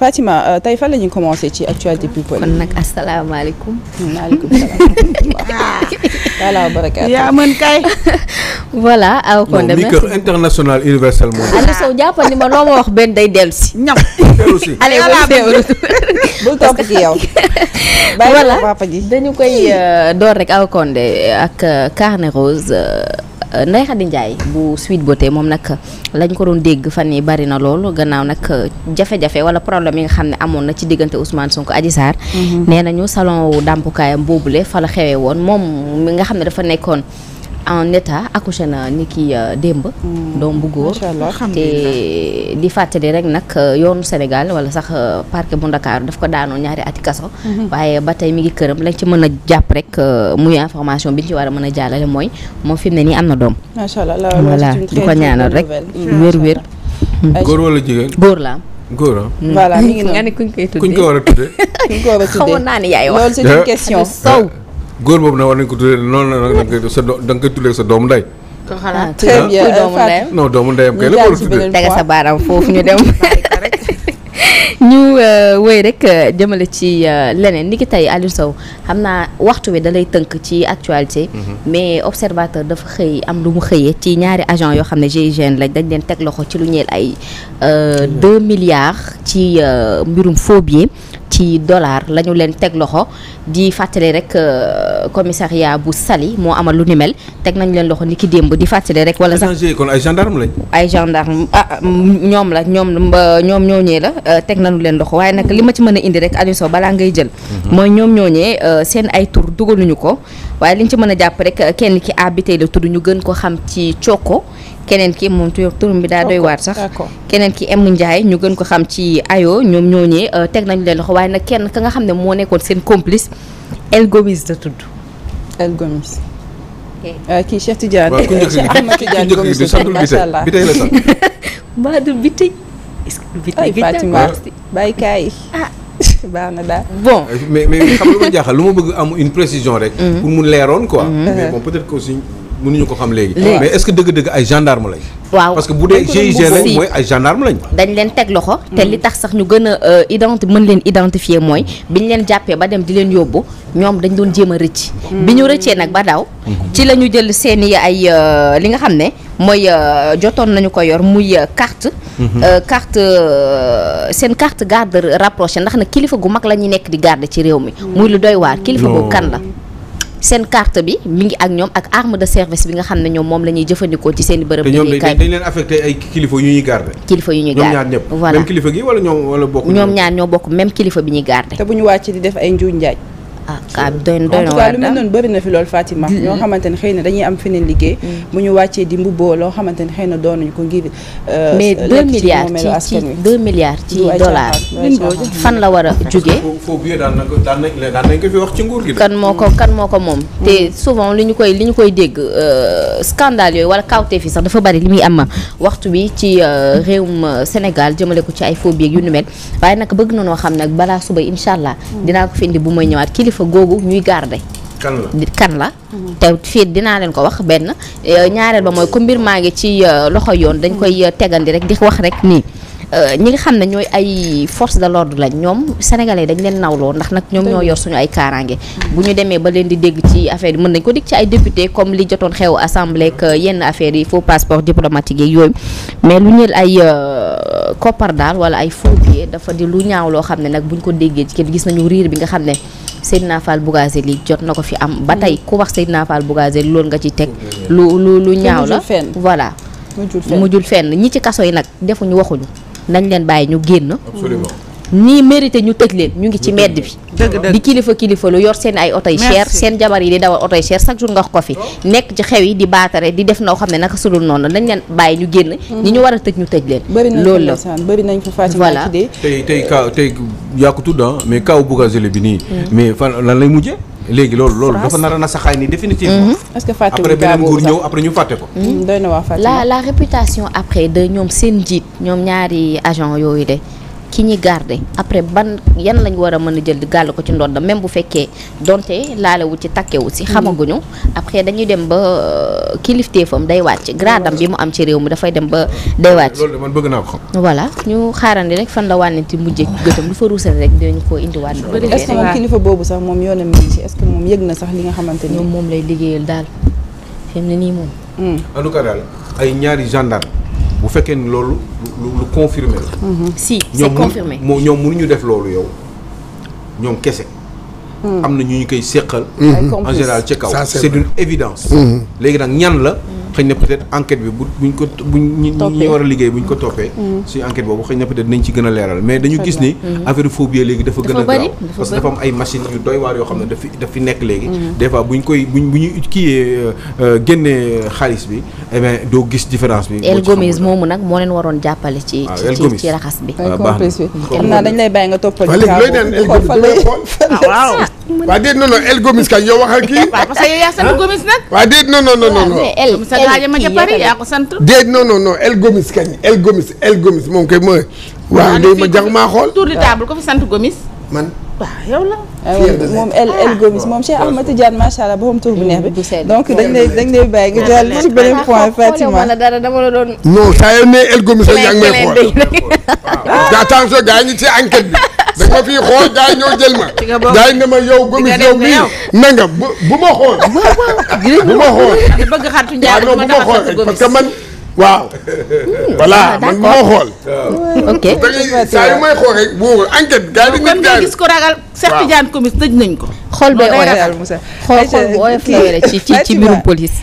Fatima euh, tey fan lañuy ñuy commencé ci actualité people. kon nag asalaamaaleykum. maaleykum yaa mën kay. voilà. aw de merci non international universel mondial. Aliou Sow jàppal ni ma loo ma wax benn day dellu si. ñam dellu si. allez bul topp ci yow. bàyyi papa ji dañu koy euh, door rek aw Konde ak euh, Carnet Euh, Ndeye Khady Ndiaye bu Sweet Beauté moom nag lañ ko doon dégg fan yi bari na lool gannaaw nag jafe-jafe wala problème yi nga xam ne amoon na ci diggante Ousmane Sonko Adji Sarr. Mhm. nee nañu salon wu dàmpukaayam boobule fa la xewee woon moom mi nga xam ne dafa nekkoon. en état accouché na ni kii euh, démb. Mm, doom bu góor te di fàttali rek nag euh, yoonu Sénégal wala sax euh, parquet bu Ndakaaru daf ko daanoo ñaari ati mm-hmm. waaye ba tey mi ngi këram lañ ci mën a jàpp rek muy information bi ñu ci war a mën a jàllale mooy moom fi ne nii am na doom. macha allah voilà di ko ñaanal rek mm, wér wér. Mm. góor wala góor la ah. nga ne kuñ koy tuddee kuñ ko war a tuddee. xamoon naa ne yaay wax loolu góor boobu nag war nañ ko tuddee noonu la nag da nga koy sa da nga koy sa doomu ndey. ko xalaat ah, très euh, doomu ndeyam non doomu ndeyam sa baaraam foofu ñu dem. ñu euh, wéy rek euh, jëmale ci leneen ni ki tey Aliou Sow xam naa waxtu wi da lay tënk ci actualité. Mhm. mais observateur dafa xëy am lu mu xëyee ci ñaari agent yoo xam ne GIGN lañ dañ leen teg loxo ci lu ñeel ay 2 mhm. milliards ci mbirum faux ci dollar la ñu leen teg loxo di fàttali rek euh, commissariat bu Saly moo amal lu ni mel teg nañ leen loxo ni ki démb di fàttali rek. wala sax kon ay gendarme lañ. ay gendarme ah ñoom la ñoom ñoom ñooñee la euh, teg nañu leen loxo waaye nag li ma ci mën a indi rek Aliou Sow balaa ngay jël. Mhm. mooy ñoom ñooñee euh, seen ay tur dugaluñu ko waaye liñ ci mën a jàpp rek kenn ki abitey la ñu gën ko xam ci Cooko. keneen ki moom turum bi daa doy waar sax keneen ki M Ndiaye ñu gën ko xam ci ayo ñoom ñooñee euh, teg nañu leen loxo waaye nag kenn ka nga xam ne moo nekkoon seen complice El Gomis da tudd El Gomis euh, kii Cheikh Tidiane Ahmed Tidiane Gomis macha allah mbaa du bitëj ay Fatima bàyyi kaay ah. baax na daal bon mais mais xam lu ma jaaxal lu ma bëgg am une précision rek mm-hmm. pour mu leeroon ko mm-hmm. mais bon peut-être ñu ko xam léegi. mais est-ce que dëgg-dëgg ay gendarme lañ. waaw parce que bu dee GIGN lañ mooy ay gendarme lañ. dañ leen teg loxo. te li tax sax ñu gën a euh, identi mën leen identifier mooy biñ leen jàppee ba dem di leen yóbbu ñoom dañ doon jéem a rëcc. Hmm. bi ñu rëccee nag ba daw. Hmm. ci la ñu jël seeni i ay euh, li nga xam ne mooy euh, jotoon nañu ko yor muy carte. Hmm. carte seen carte garde rapproché ndax nag kilifa gu mag la ñuy nekk di garde ci réew mi. muy lu doy waar kilifa gu kan la. seen carte bi mi ngi ak ñoom ak arme de service bi nga xam ne ñoom moom la ñuy jëfandikoo ci seen i bërëb liggéeykaay dañ leen affecté ay kilifa yu ñuy garder kilifa yu ñuy garder ñoom ñaar ñëpp voilà kilifa gi wala ñoom wala bokk ñoom ñaar ñoo bokk même kilifa bi ñuy garder te bu ñu wàcc di def ay njuuj njaaj ah kaa bi doy na doy na waar lu mel noonu bëri na fi loolu Fatima ñoo xamante xëy na dañuy am feneen liggéey mm. bu ñu wàccee di mbubboo loo xamante ne xëy na doonuñu ko ngir euh, mais deux milliards ci ci deux milliards ci dollars fan la war a jugee foo bie kan moo ko kan moo ko moom mm. te souvent li ñu koy li ñu koy dégg euh, scandale yooyu wala kawte fi sax dafa bari li muy am waxtu bi ci euh, réewum Sénégal jëmale ko ci ay phobie yu nu mel waaye nag bëgg na noo xam nag balaa suba incha allah mm. kilifa googu ñuy garder. kan la kan la. Mhm. te fii dinaa leen ko wax benn eh, ñaareel ba mooy ko mbir maa ngi ci eh, loxo yoon dañ koy eh, tegandi rek di wax rek nii. ñi nga xam ne ñooy ay force de l'ordre lañ ñoom sénégalais dañ leen nawloo ndax nag ñoom ñoo yor suñu ay kaaraange mhm. bu ñu demee ba leen di dégg ci affaire yi mën nañ ko dégg ci ay député comme li jotoon xew assemblée que yenn affaires yi faux passeport diplomatique yi yooyu mais lu ñeel ay koppar daal wala ay faux billets dafa di lu ñaaw loo xam ne nag buñ ko déggee ci kenn gis nañu riir bi nga xam ne Seydina Fall Bougazelli jot na ko fi am ba tey ku wax Seydina Fall Bougazelli loolu nga ci teg lu lu lu ñaaw la voilà mujjul fenn ñi ci kaso yi nag defuñu waxuñu nañ leen bàyyi ñu génn ñii mérité ñu tëj leen ñu ngi ci mbedd bi di kilifa kilifa lu yor seen ay oto yi cher seen jabar yi di dawal oto yi cher chaque jour nga ko fi nekk ci xew yi di baatare di def noo xam ne naka sudul noonu dañ leen bàyyi ñu génn mm-hmm. ñi ñu war a tëj ñu tëj leen loolu la bëri nañ fa Fatima voilà tey tey kaw tey yaa ko tudd ah, mais kaw Bougazelli bi nii mm-hmm. mais fan lan lay mujje léegi loolu loolu dafa nar a na saxaay ni définitivement. Mm-hmm. est-ce que fàtte après beneen nguur ñëw après ñu fàtte la réputation après ñoom seen njiit ñoom ñaari agent yooyu de. ki ñi garder après ban yan lañ war a mën a jël di gàll ko ci ndoddam même bu fekkee donte laalewu ci takkewu si hmm. xamaguñu après dañuy dem ba euh, kilifteefam day wàcc gradam bi mu am ci réew mi dafay dem ba day wàcc loolu de man bëgg ko xam ñu xaarandi rek fan la wànniti mujjee gëtam lu fa ruusal rek dinañ ko indiwaat est-ce que moom kilifa boobu sax moom yoonam mi ci est que moom yëg na sax li nga xamante ni moom lay liggéeyal daal fi mu ne nii moom hmm. en tout cas daal ay ñaari gendarme bu fekkee ni loolu lu lu confirmé la. Mhm. si c'est confirmé ñoom ñoom mënuñu def loolu yow ñoom kese. Hmm. am na ñu ñu koy seqal. en général ci kaw c'est une évidence. Hmm. léegi nag ñan la. Hmm. xëy na peut-être enquête bi bu buñ ko buñ ñi war a liggéey buñ ko mm. toppee mm. suñu enquête boobu xëy na peut a leeral mais dañu gis ni mm. affaire bu ñu kiyee euh, euh, génnee xaalis bi eh doo gis différence bi El Gomis moomu nag moo leen waroon jàppale ci ah, ci ci raxas bi ah, ah, xam naa dañ lay bàyyi nga toppal waaw waa déet non non El Gomis kañ yow waxal kii waaw yow yaa sant Gomis nag waa déet non non non non déet non non non El Gomis kañ El Gomis El Gomis moom kay mooy. waaw de ma jax maa xool tour de table ko fi sant Gomis man. waaw yow la. moom El El ah. Gomis moom Cheikh Ahmed Tidiane macha allah borom tur bu neex bi. Mm, donc dañ lay dañ lay bàyyi nga jàll ci beneen point Fatima. non saa yoo nee El Gomis rek yaa ngi may xool. attention gars yi ñu ci enquête bi. dañ ma fii xool gars yi ñëw jël ma. gars yi ne ma yow gomis yow mii nangam bu bu ma xool. bu ma xool. bëgg xaritu njaay bu ma xool parce que man. waaw. voilà man bu ma xool. ok saa yu may xool rek wóorul enquête gars yi ko gis ko ragal. waaw Cheikh Tidiane tëj nañ ko. xool bee ooyof xool xool bu ooyof la ci ci ci mbirum police.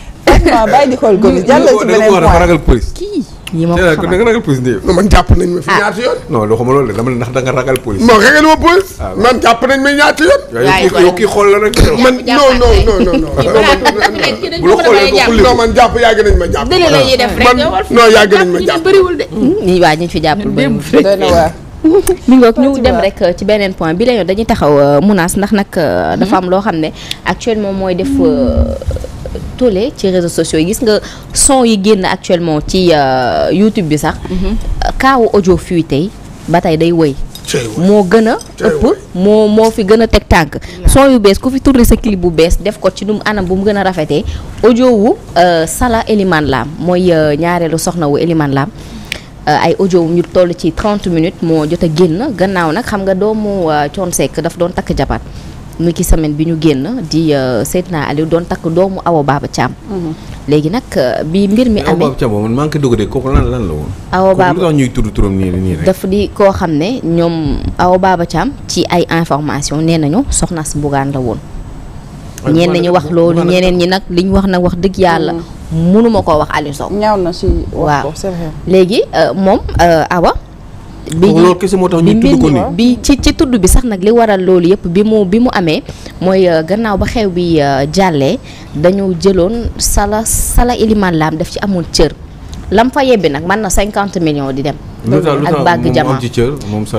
waaw bàyyi di xool yi ma ko xamal da nga ragal police Ndeye. non man jàpp nañ ma fi ah. ñaata yoon. non loo xam loolu dama ndax da nga ragal police. non ragal ma police. Ah, man jàpp nañ ma ñaata yoon. waaye yow kii xool la rek. man non non non non non. bu la xoolee ko xulli non man jàpp yàgg nañ ma jàpp. dëgg la ñuy def rek nga war non yàgg nañ ma jàpp. Hmm. nii waa ñu fi jàppul bëriwul de. mi ngoog ñu dem rek euh, ci beneen point bi la yoon dañuy taxaw euh, munaas ndax nag euh, dafa am loo xam ne actuellement mooy def hmm. tollé ci réseaux sociaux yi gis nga son yi génn actuellement ci euh, YouTube bi sax. Mhm. kaawu audio fii tey ba tey day woy moo gën a ëpp moo moo fi gën a teg tànk son yu bees ku fi turne sa clip bu bees def ko ci nu mu anam bu mu gën a rafetee audio wu euh, Sala Eliman Lam mooy euh, ñaareelu soxna wu Eliman Lam ay audio wu ñu toll ci 30 minutes moo jot a génn gannaaw nag xam nga doomu Thione Seck daf doon takk jabaat mu ki semaine bi ñu génn di seet euh, Seydina Aliou doon takk doomu Awa Baba Thiam. Mhm. léegi nag euh, bi mbir mi amee Awa dugg de la woon. daf di koo xam ne ñoom Awa Baba Thiam ci ay information nee nañu soxna si Bougane la woon. ñeen nañu wax loolu ñeneen ñi nag li wax nag wax dëgg yàlla. Mhm. mënuma koo wax Aliou Sow. ñaaw na waaw léegi euh, moom Awa. bi loolu kese moo tax ñu tudd ko bi ci ci tudd bi sax nag li waral loolu yëpp bi mu bi mu amee mooy euh, gannaaw ba xew bi euh, jàllee dañu jëloon sala sala iliman laam daf ci amoon cër lam fa yebbi nag man na cinquante millions di dem. ak bàgg jama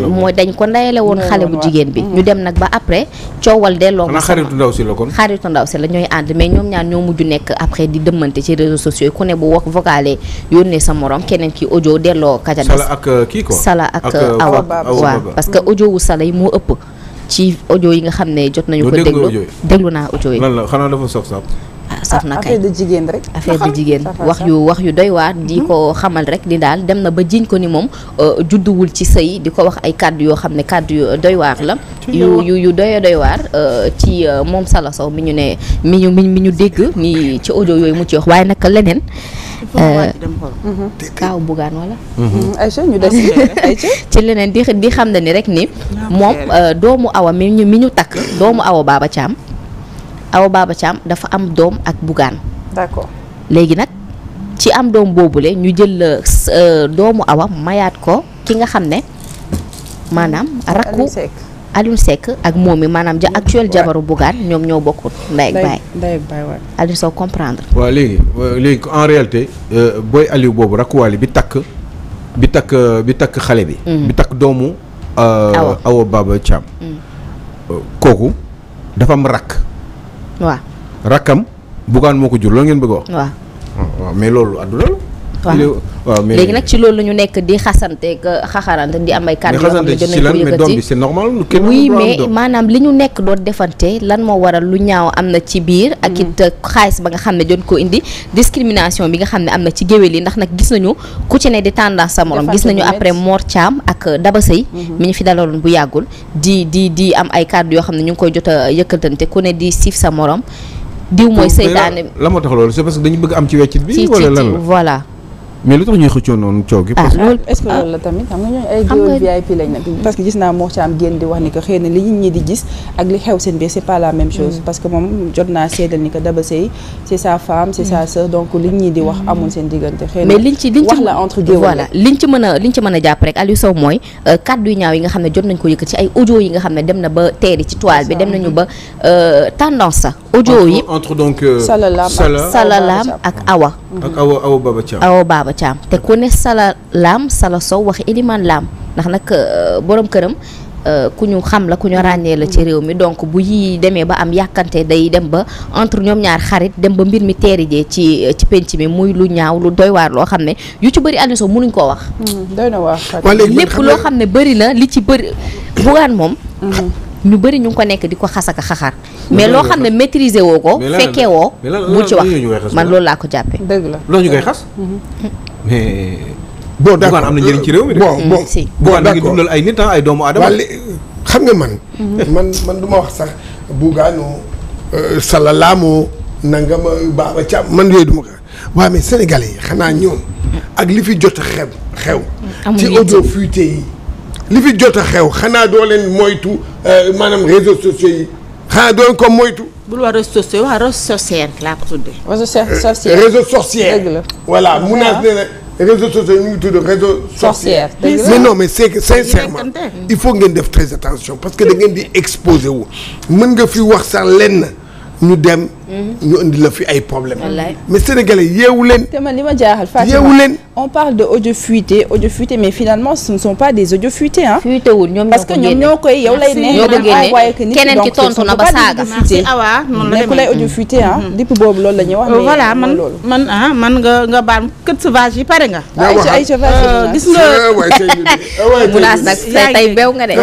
mooy dañ ko ndayale woon xale bu jigéen bi. ñu dem nag ba après coowal delloo. ma xaritu ndaw si la kon. xaritu ndaw si la ñooy ànd mais ñoom ñaar ñoo mujj nekk après di dëmmante ci réseaux sociaux yi ku ne bu wax vocalé yónnee sa morom keneen ki audio delloo. kaca des sala ak euh, kii quoi sala ak. Euh, awa waaw parce que audio wu sala yi moo ëpp. ci ojo yi nga xam ne jot nañu ko déglu déglu naa audio yi lan la xanaa dafa saf saf ah saf na kay affaire de jigéen rek affaire de jigéen wax yu wax yu doy waar di mhm. ko xamal rek ni daal dem na ba jiñ ko ni moom euh, judduwul ci sëy di ko wax ay kàddu yoo xam ne kàddu yu doy waar la yu yu yu doy doy waar euh, ci euh, moom Salla Sow mi ñu ne mi ñu mi ñu dégg ni ci audio yooyu mu ci wax waaye nag leneen Euh, mhm. kaw bugaan wala. Mhm. Mm, ñu des ci leneen di di xam ne ni rek ni moom euh, doomu awa mi ñu mi ñu takk doomu awa baaba caam awa baaba caam dafa am doom ak bugaan. d'accord léegi nag ci am doom boobule ñu jël euh, doomu awa mayaat ko ki nga xam ne maanaam rakku Alioune sekk ak moom mi maanaam ja actuel jabaru Bougane ñoom ñoo bokkul ndey ak baay ndey ak baay waay Aliou Sow comprendre waaw léegi léegi en réalité euh, booy Aliou boobu rakkuwaali bi takk bi takk euh, bi takk xale bi mm. bi takk doomu euh, Awa Baba Thiam mm. kooku dafa am rakk waaw rakkam Bougane moo ko jur loolu ngeen bëgg wax ah, waaw mais loolu addu loolu waaw mais léegi nag ci loolu la ñu nekk di xasanteeg euh, xaxarante di am ay kàddu yoo xam ne jot nañ ko yëkkati c'est maanaam li ñu nekk doon defante lan moo waral lu ñaaw am na ci biir ak mm-hmm. it euh, xaalis ba nga xam ne doon ko indi discrimination bi nga xam ne am na ci géwél yi ndax nag gis nañu ku ci di tendance sa morom gis nañu après Mor Thiam ak euh, Daba Sey mm-hmm. mi ñu fi dalaloon bu yàggul di di di am ay kàddu yoo xam ne ñu ngi koy jot yëkkatante ku ne di siif sa moroom diw mooy seytaane la moo tax loolu c'est parce que dañu bëgg am ci weccit bi wala lan la voilà mais lu tax ñuy xëccoo ah, ah. gis na li nit ñi di gis ak li xew mm. mm. di wax mm. amul seen diggante. xëy na mais liñ ci liñ ci wax la mën a liñ ci mën a jàpp rek Aliou mooy euh, kàddu yu ñaaw yi nga xam ne jot nañ ko yëkkat ci ay audio yi nga xam ne dem na ba teeri ci toile bi dem nañu ba euh, tendance sa audio yi. entre euh, ak Awa. ak Awa Awa Baba Thiam Baba Thiam te ku ne Sala laam Sala Sow wax Elimane laam ndax nag euh, borom këram euh, ku ñu xam la ku ñu ràññee la ci réew mi donc bu yi demee ba am yàkkante day dem ba entre ñoom ñaar xarit dem ba mbir mi teerijee ci ci penc mi muy lu ñaaw lu doy waar loo xam ne yu ci bëri Aliou Sow mënuñ koo wax. Hmm, doy na waar loo xam ne bëri na li ci bëri bugaan moom. Hmm. ñu bëri ñu ngi ko nekk di ko xasaka xaxar mais loo xam ne maîtriser woo ko. fekkee woo bul ci wax man loolu laa ko jàppee. dëgg la loolu ñu koy xas. Mm-hmm. mais. bon d' accord am na njëriñ ci réew mi de. bon bon mm, si bon d' accord dundal ay nit ah ay doomu aadama. xam nga man. Mm-hmm. man man du ma wax sax. Bougano euh, Salalaamu Nangama euh, Baaba Caam man yooyu du ma ko waaw mais sénégalais yi xanaa ñoom. ak li fi jot a xew xew. Mm, ci audio fuité yi. li fi jot a xew xanaa doo leen moytu euh, maanaam réseaux sociaux yi. xanaa doon ko moytu. bul wax réseau sociaux wax réseau sorcière laa ko tuddee. réseau eh, sorcière réseau la voilà mun naa ne la réseau sociaux ñu ngi tudd mais non mais c'est sincèrement il faut ngeen def très attention parce que da ngeen di exposé wo mën nga fi wax sax lenn ñu dem. ñu indi la fi ay problème mais sénégalais yeewu leen. te man li ma jaaxal Fatima yeewu leen. on parle de audio fuité audio fuité mais finalement ce ne sont pas des audio fuité ah. fuité wul ñoom ñoo ko parce que ñoom ñoo koy yow lay ko génne keneen ki tontu na ba saaga merci awa noonu la lay audio fuité mm-hmm. boobu loolu la wax. voilà ah, man nga nga baal kët sauvage yi pare nga. Euh, gis nga. bu ah, ah, naas nga de. daal di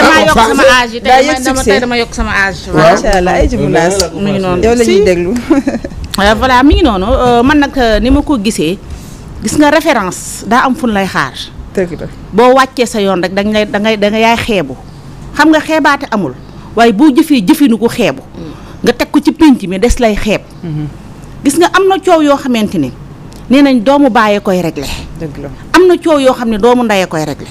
bokk daal di yëg damaa yokk sama âge yi tey yokk sama âge courage. macha allah ay jumelaas euh, mi ngi noonu yow la ñuy ngi noonu man nag euh, ni ma ko gisee gis nga référence daa am fun lay xaar. boo wàccee sa yoon rek dañ lay da ngay da yaay xeebu xam nga xeebaate amul waaye boo jëfee jëfinu ko xeebu. nga teg ko ci pénc mi des lay xeeb. Mhm. gis nga am na coow yoo xamante ni nee nañ doomu baayee koy réglé. am na coow yoo xam ne doomu ndayee koy réglé.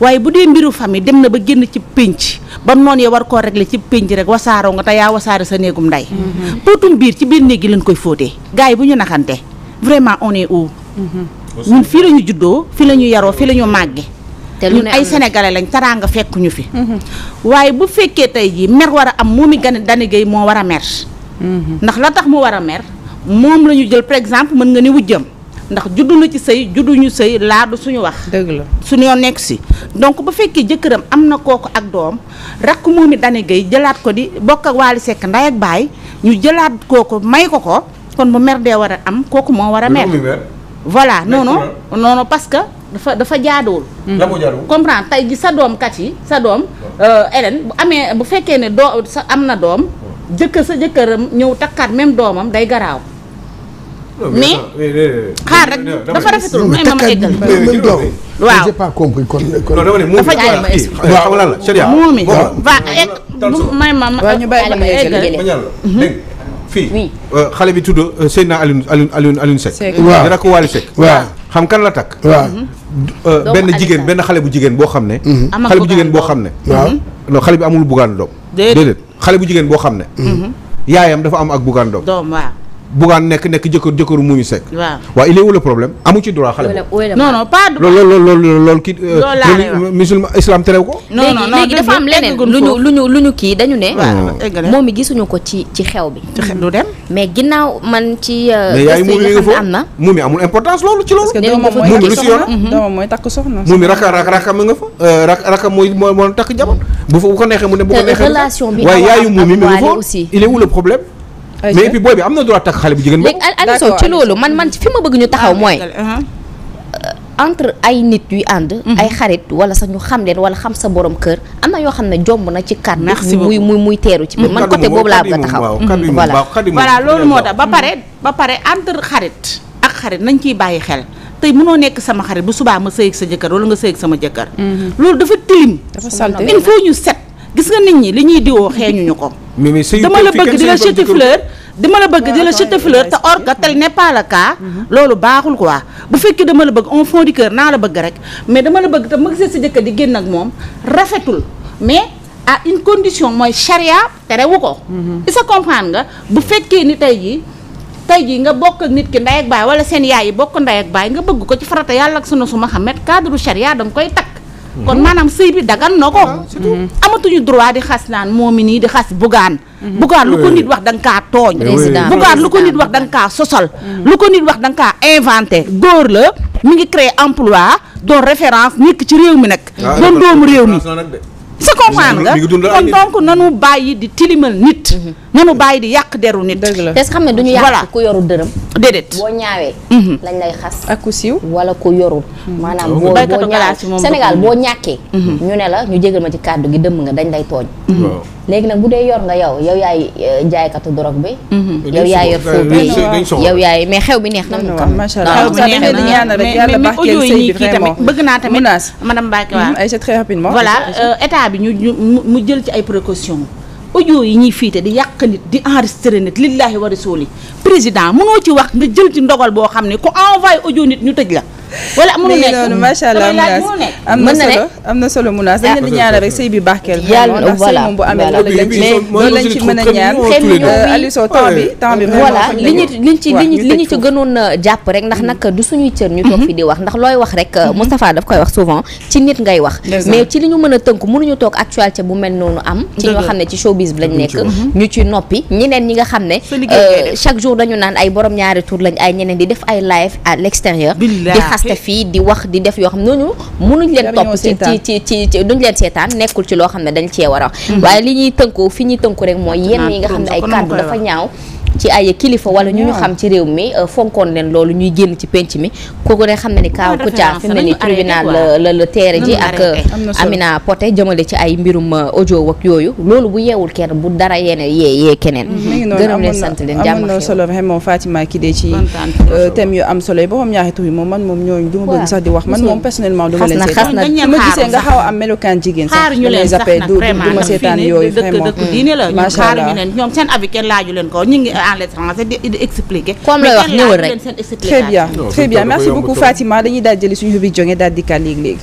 waaye bu dee mbiru famille dem na ba génn ci pénc bam noonu ya war koo régler ci pénc rek wasaaroo nga te yaa wasaare sa néegum ndey mhm. pootum biir ci biir néeg gi lañ koy fóotee gars yi bu ñu naxante vraiment on est mhm. ñun fii la ñu juddoo fii la ñu yaroo fii la ñu màgge te ñun ay sénégalais lañ taraanga fekk ñu fi mhm. waaye bu fekkee tey jii mer war a am moom gan dani gay moo war a mer ndax la tax mu war a mer moom la ñu jël par exemple mën nga ni wujjam ndax juddu na ci sëy juddu ñu sëy laa du suñu wax. dëgg la suñu yoon nekk si. donc bu fekkee jëkkëram am na kooku ak doom rakk moom it dane gay jëlaat ko di bokk ak Waly Seck nday ak baay ñu jëlaat kooku may ko ko kon bu mer dee war a am kooku moo war a mer. voilà non noonu non parce que. dafa dafa jaaduwul. comprendre tey ji sa doom kat yi sa doom. Euh, Hélène bu amee bu fekkee ne doo sa am na doom. Hmm. jëkkër sa jëkkëram ñëw takkaat même doomam day garaaw. mais xaar rek dafa rafetul may ma ma eggal. waaw j'ai dafa jaay ma la Sharia. moom it fii euh, xale bi tudd euh, Seydina Alioune Alioune Alioune Alioune Seck. waaw ko Waly Seck. waaw xam kan la takk. Mhm. Euh, benn jigéen benn xale bu jigéen boo xam ne. Mhm. xale bu jigéen boo xam ne. waaw bi amul bugaan doom. déedéet xale bu jigéen boo xam ne. Mhm. yaayam dafa am ak bugaan doom. doom Bougane nekk nekk jëkkër jëkkëru Momy Seck. waaw waaw il est où le problème amu ci droit xale. non non pas droit euh, musulman islam terew ko. léegi dafa am leneen lu ñu lu ñu lu ñu kii dañu ne. moom mi gisuñu ko ci ci xew bi. ci xew du dem. mais ginnaaw man ci. est euh, ce am na Momy amul importance loolu ci loolu. parce que Momy lu si yoon. doomam mooy moo takk jabar bu ko neexee mu dem bu ko neexee. relation bi waaye yaayu Momy mi nga fa il est où le problème mais et puis booy bi am na droit takk xale bu jigéen. léegi Aliou ci loolu man man fi ma bëgg ñu taxaw ah, mooy. Uh-huh. Euh, entre ay nit yuy ànd. Mhm. ay xarit wala sax ñu xam leen wala xam sa borom kër am na yoo xam ne jomb na ci kàddu. merci muy muy muy teeru ci. Mm-hmm. man côté boobu laa bëgg a taxaw. Mm-hmm. voilà loolu moo tax ba pare ba pare entre xarit ak xarit nañ ciy bàyyi xel. tey mënoo nekk sama xarit bu subaa ma sëy ak sa jëkkër wala nga sëy ak sama jëkkër. Mm-hmm. loolu dafa tilim. gis nga nit ñi li ñuy diwoo xeeñuñu ko. mais mais sëy dama la bëgg di la jeter fleur. dama la bëgg di la jeter fleur te or que tel n'est pas le cas. Mhm. loolu baaxul quoi bu fekkee dama la bëgg en fond naa la bëgg rek mais dama la bëgg te ma gisee sa jëkkër di génn ak moom rafetul mais. à une condition mooy charia terewu ko. Mhm. sa comprendre nga bu fekkee ni tey jii tey jii nga bokk ak nit ki ndey ak baay wala seen yaay yi bokk ndey ak baay nga bëgg ko ci farata yàlla ak su ma xamet cadre charia da nga koy takk. kon maanaam sëy bi dagan na ko ah, mm-hmm. amatuñu droit di xas naan moom moomi nii di xas bugaan mm-hmm. bugaan lu ko nit wax da kaa tooñ bugaan lu ko nit wax danga nga kaa sosol mm-hmm. lu ko nit wax danga kaa inventé góor la mi ngi créer emploi doon référence nekk ci réew mi nag ah, doon doomu réew mi sa comprendre nga kon donc nanu bàyyi di tilimal nit nanu bàyyi di yàq deru nit te xam ne duñu yàq ku yoru dërëm déedéet boo ñaawee. Mhm. lañ lay xas. ak ku siiw wala ku yorul. Mhm. maanaam boo boo ñaawee Sénégal boo ñàkkee. Mhm. ñu ne la ñu jégal ma ci kàddu gi dëmm nga dañ lay tooñ. léegi nag bu dee yor nga yow yow yaay euh, jaaykatu drogue bi. yow yaay yor fóot bi yow yaay mais xew bi neex na. macha allah xew bi neex na mais mais mais audio yi ñuy kii tamit bëgg naa tamit madame Mbacke waaw. ay c'est très euh, bi ñu mu jël ci ay précautions. audio yi ñuy fiite di yàq nit di enregistré nit lillahi wa rasuli président mënoo ci wax nga jël ci ndogal boo xam ne ku envoyé audio nit ñu tëj la wala a nekk noonu macha allah am na solo am na solo munaas dañu di ah. rek sëy bi barkeel yàlla voilà moom bu amee la loolu lañ ci mën a ñaan Aliou Sow temps bi bi li ñu liñ ci liñ li ñu ci gënoon jàpp rek ndax mhm. nag du suñuy cër ñu toog mhm. fi di wax ndax looy wax rek mhm. Moustapha daf koy wax souvent ci nit ngay wax mais ci li ñu mën a tënk mënuñu toog actualité bu mel noonu am ci ñoo xam ne ci showbiz bi lañ nekk ñu ci noppi ñeneen ñi nga xam ne euh, chaque jour dañu naan ay borom ñaari tour lañ ay ñeneen di def ay live à l'extérieur di xas porté fii di wax di def yoo xam ne ñooñu mënuñ leen topp ci ci ci ci duñ leen seetaan nekkul ci loo xam ne dañ cee war a wax mm-hmm. waaye li ñuy tënku fi ñuy tënku rek mooy yenn yi nga xam ne ay kàddu dafa ñaaw ci ay kilifa wala ñu ñu ah. xam ci réew mi euh, fonkoon leen loolu ñuy génn ci penc mi kooku ne xam ne ni kaaw ah, Kouthia fi mu ne ni tribunal la la teere ji ak Amina ci ay mbirum euh, audio yooyu loolu bu yeewul kenn bu dara yéene yee yee keneen mm-hmm. gërëm na solo vraiment Fatima ki dee ci euh, thème yu am solo yi boppam ñaari tur yi moom man moom ñooñu du ma bëgg sax di wax man moom personnellement du ma leen seetaan ma gisee nga xaw a am melokaan jigéen sax ñu leen du seetaan yooyu vraiment macha allah ñoom seen abi kenn laaju leen ko ñu ngi à l'étranger di expliquer. comme lay wax ñëwal rek très bien très bien merci beaucoup Fatima dañuy daal jëli suñu rubrique jonge daal di kàll léegi